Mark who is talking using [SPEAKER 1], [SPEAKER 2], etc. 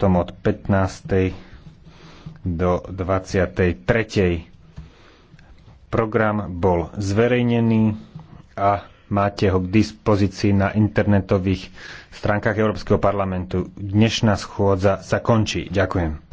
[SPEAKER 1] potom od 15. do 23. Program bol zverejnený a máte ho k dispozícii na internetových stránkach Európskeho parlamentu. Dnešná schôdza
[SPEAKER 2] sa končí. Ďakujem.